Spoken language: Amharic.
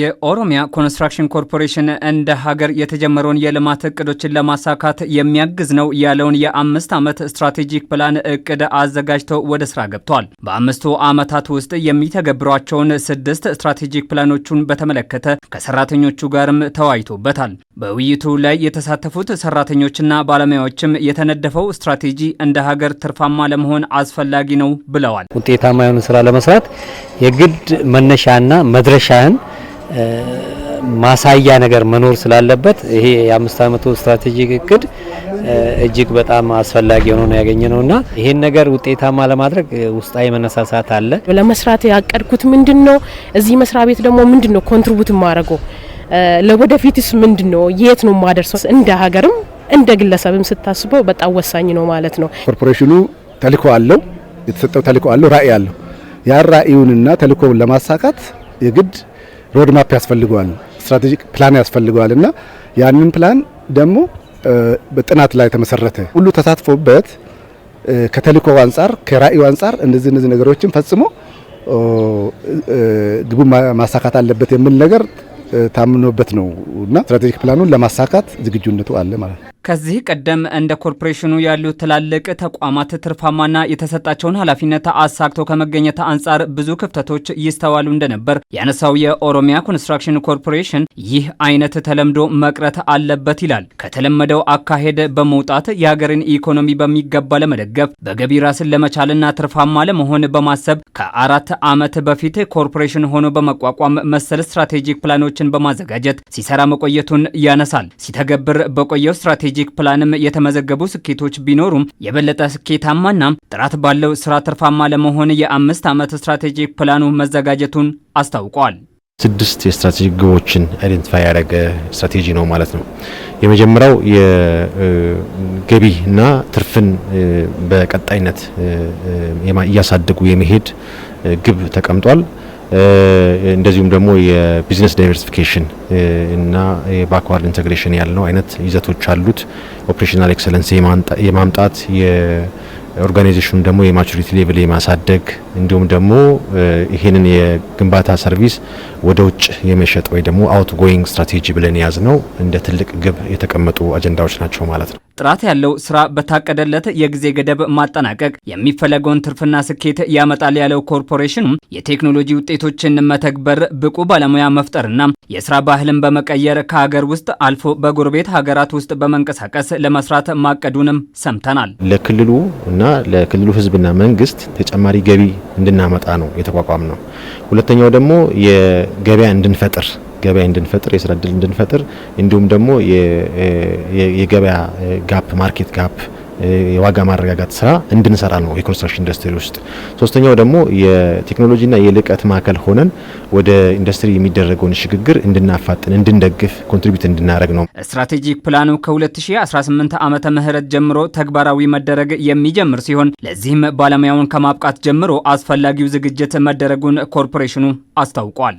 የኦሮሚያ ኮንስትራክሽን ኮርፖሬሽን እንደ ሀገር የተጀመረውን የልማት እቅዶችን ለማሳካት የሚያግዝ ነው ያለውን የአምስት ዓመት ስትራቴጂክ ፕላን እቅድ አዘጋጅቶ ወደ ስራ ገብቷል። በአምስቱ ዓመታት ውስጥ የሚተገብሯቸውን ስድስት ስትራቴጂክ ፕላኖቹን በተመለከተ ከሰራተኞቹ ጋርም ተወያይቶበታል። በውይይቱ ላይ የተሳተፉት ሰራተኞችና ባለሙያዎችም የተነደፈው ስትራቴጂ እንደ ሀገር ትርፋማ ለመሆን አስፈላጊ ነው ብለዋል። ውጤታማ የሆነ ስራ ለመስራት የግድ መነሻና መድረሻህን ማሳያ ነገር መኖር ስላለበት ይሄ የአምስት ዓመቱ ስትራቴጂክ እቅድ እጅግ በጣም አስፈላጊ ሆኖ ነው ያገኘ ነው እና ይህን ነገር ውጤታማ ለማድረግ ውስጣዊ መነሳሳት አለ። ለመስራት ያቀድኩት ምንድን ነው? እዚህ መስሪያ ቤት ደግሞ ምንድን ነው ኮንትሪቡት ማድረገው? ለወደፊትስ ምንድን ነው? የት ነው ማደርሰው? እንደ ሀገርም እንደ ግለሰብም ስታስበው በጣም ወሳኝ ነው ማለት ነው። ኮርፖሬሽኑ ተልእኮ አለው፣ የተሰጠው ተልእኮ አለው፣ ራእይ አለው። ያን ራእዩንና ተልእኮውን ለማሳካት የግድ ሮድማፕ ያስፈልገዋል፣ ስትራቴጂክ ፕላን ያስፈልገዋል እና ያንን ፕላን ደግሞ በጥናት ላይ ተመሰረተ ሁሉ ተሳትፎበት ከተልእኮ አንጻር ከራእዩ አንጻር እንደዚህ እነዚህ ነገሮችን ፈጽሞ ግቡ ማሳካት አለበት የሚል ነገር ታምኖበት ነው እና ስትራቴጂክ ፕላኑን ለማሳካት ዝግጁነቱ አለ ማለት ነው። ከዚህ ቀደም እንደ ኮርፖሬሽኑ ያሉ ትላልቅ ተቋማት ትርፋማና የተሰጣቸውን ኃላፊነት አሳክቶ ከመገኘት አንጻር ብዙ ክፍተቶች ይስተዋሉ እንደነበር ያነሳው የኦሮሚያ ኮንስትራክሽን ኮርፖሬሽን ይህ አይነት ተለምዶ መቅረት አለበት ይላል። ከተለመደው አካሄድ በመውጣት የሀገርን ኢኮኖሚ በሚገባ ለመደገፍ በገቢ ራስን ለመቻልና ትርፋማ ለመሆን በማሰብ ከአራት ዓመት በፊት ኮርፖሬሽን ሆኖ በመቋቋም መሰል ስትራቴጂክ ፕላኖችን በማዘጋጀት ሲሰራ መቆየቱን ያነሳል። ሲተገብር በቆየው ስትራቴጂ ስትራቴጂክ ፕላንም የተመዘገቡ ስኬቶች ቢኖሩም የበለጠ ስኬታማና ጥራት ባለው ስራ ትርፋማ ለመሆን የአምስት ዓመት ስትራቴጂክ ፕላኑ መዘጋጀቱን አስታውቋል። ስድስት የስትራቴጂክ ግቦችን አይደንቲፋይ ያደረገ ስትራቴጂ ነው ማለት ነው። የመጀመሪያው የገቢ ትርፍን በቀጣይነት እያሳደጉ የመሄድ ግብ ተቀምጧል። እንደዚሁም ደግሞ የቢዝነስ ዳይቨርሲፊኬሽን እና የባክዋርድ ኢንተግሬሽን ያልነው አይነት ይዘቶች አሉት። ኦፕሬሽናል ኤክሰለንስ የማምጣት ኦርጋናይዜሽኑ ደግሞ የማቹሪቲ ሌቭል የማሳደግ እንዲሁም ደግሞ ይሄንን የግንባታ ሰርቪስ ወደ ውጭ የመሸጥ ወይ ደግሞ አውት ጎይንግ ስትራቴጂ ብለን የያዝ ነው እንደ ትልቅ ግብ የተቀመጡ አጀንዳዎች ናቸው ማለት ነው። ጥራት ያለው ስራ በታቀደለት የጊዜ ገደብ ማጠናቀቅ የሚፈለገውን ትርፍና ስኬት ያመጣል ያለው ኮርፖሬሽኑ የቴክኖሎጂ ውጤቶችን መተግበር፣ ብቁ ባለሙያ መፍጠርና የስራ ባህልን በመቀየር ከሀገር ውስጥ አልፎ በጎረቤት ሀገራት ውስጥ በመንቀሳቀስ ለመስራት ማቀዱንም ሰምተናል። ለክልሉ እና እና ለክልሉ ህዝብና መንግስት ተጨማሪ ገቢ እንድናመጣ ነው የተቋቋም ነው። ሁለተኛው ደግሞ የገበያ እንድንፈጥር ገበያ እንድንፈጥር የስራ እድል እንድንፈጥር እንዲሁም ደግሞ የገበያ ጋፕ ማርኬት ጋፕ የዋጋ ማረጋጋት ስራ እንድንሰራ ነው የኮንስትራክሽን ኢንዱስትሪ ውስጥ። ሶስተኛው ደግሞ የቴክኖሎጂና የልቀት ማዕከል ሆነን ወደ ኢንዱስትሪ የሚደረገውን ሽግግር እንድናፋጥን፣ እንድንደግፍ፣ ኮንትሪቢዩት እንድናደረግ ነው። ስትራቴጂክ ፕላኑ ከ2018 ዓመተ ምህረት ጀምሮ ተግባራዊ መደረግ የሚጀምር ሲሆን ለዚህም ባለሙያውን ከማብቃት ጀምሮ አስፈላጊው ዝግጅት መደረጉን ኮርፖሬሽኑ አስታውቋል።